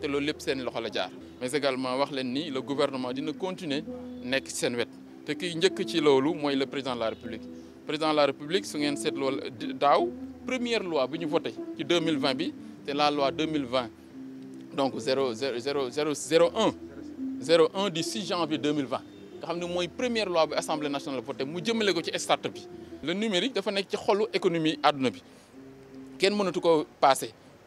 te loolu lépp seen loxo jaar mais également wax leen ni le gouvernement dina continuer nekk seen wet te kiy njëkk ci loolu mooy le président de la république président de la république su ngeen seetloo daaw première loi bi ñu voté ci 2020 bi te la loi 2020 donc 0 0 0 01 01 du 6 janvier 2020 nga xam ne première loi bi assemblée nationale voté mu jëmale ko ci start bi le numérique dafa nekk ci xolu économie àdduna bi kenn mënatu ko passé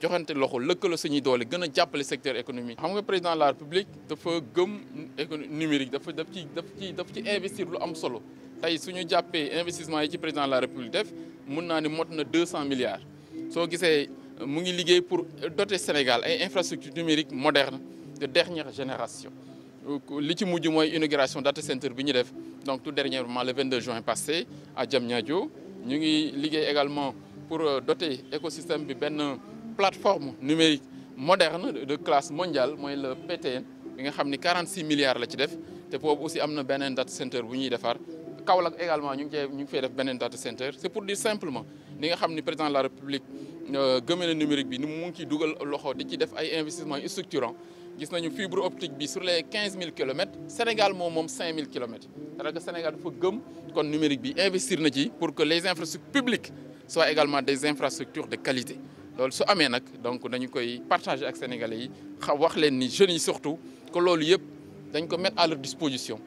joxante loxo que suñuy doole gën a secteur économique. xam président de la république dafa gëm économie numérique dafa daf ci daf ci daf ci investir lu am solo tey suñu investissement yi président de la république def mun naa ni mot milliards. soo gisee euh, mu ngi pour doter le Sénégal ay infrastructure numériques modernes de dernière génération. li ci mujj mooy inauguration data center bi donc tout dernièrement le 22 juin passé à Diamniadio ñu ngi liggéey également pour euh, doter l'écosystème bi benn plateforme numérique moderne de classe mondiale le PTN qui nga 46 milliards la ci def pour aussi amener un data center bu ñuy également ñu data center c'est pour dire simplement nous avons mis président de la République euh, nous avons numérique bi mu ngi loxo di investissements structurants gis fibre optique sur les km, kilomètres Sénégal moom moins 5000 kilomètres Le que Sénégal pour le numérique investir pour que les infrastructures publiques soient également des infrastructures de qualité loolu su amé nak donc dañ koy partager ak sénégalais yi wax leen ni jeunes yi surtout que loolu yépp dañ ko mettre à leur disposition